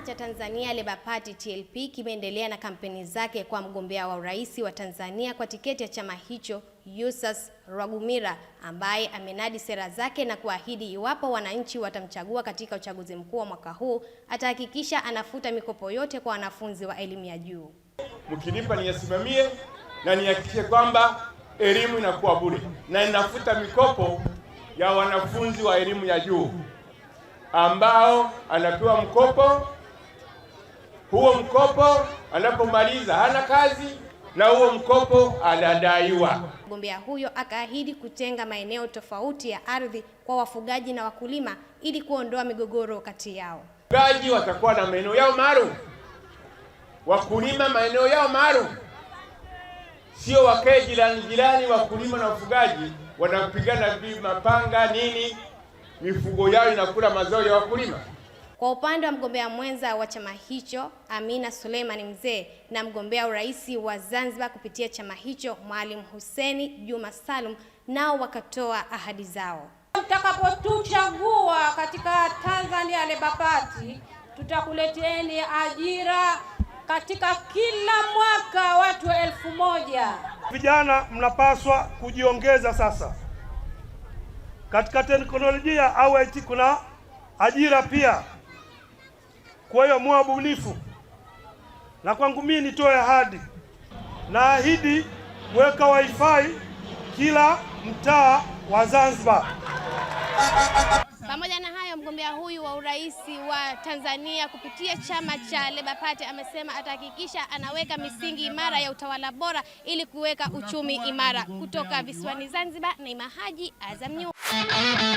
cha Tanzania Labour Party TLP kimeendelea na kampeni zake kwa mgombea wa urais wa Tanzania kwa tiketi ya chama hicho Yusas Rwagumira ambaye amenadi sera zake na kuahidi iwapo wananchi watamchagua katika uchaguzi mkuu wa mwaka huu atahakikisha anafuta mikopo yote kwa wanafunzi wa elimu ya juu. Mkinipa niyasimamie na nihakikishe kwamba elimu inakuwa bure na inafuta mikopo ya wanafunzi wa elimu ya juu ambao anapewa mkopo huo mkopo, anapomaliza hana kazi na huo mkopo anadaiwa. Mgombea huyo akaahidi kutenga maeneo tofauti ya ardhi kwa wafugaji na wakulima ili kuondoa migogoro kati yao. Wafugaji watakuwa na maeneo yao maalum, wakulima maeneo yao maalum, sio wakee jirani jirani. Wakulima na wafugaji wanapigana mapanga nini, mifugo yao inakula mazao ya wakulima. Kwa upande wa mgombea mwenza wa chama hicho Amina Suleiman Mzee na mgombea urais wa Zanzibar kupitia chama hicho Mwalimu Hussein Juma Salum nao wakatoa ahadi zao. Mtakapotuchagua katika Tanzania Labour Party, tutakuleteni ajira katika kila mwaka watu elfu moja. Vijana mnapaswa kujiongeza sasa katika teknolojia au IT, kuna ajira pia. Kwa hiyo muwe wabunifu, na kwangu mimi nitoe ahadi, naahidi kuweka wifi kila mtaa wa Zanzibar. Pamoja na hayo, mgombea huyu wa urais wa Tanzania kupitia chama cha Labour Party amesema atahakikisha anaweka misingi imara ya utawala bora ili kuweka uchumi imara. Kutoka visiwani Zanzibar, na Haji, Azam News.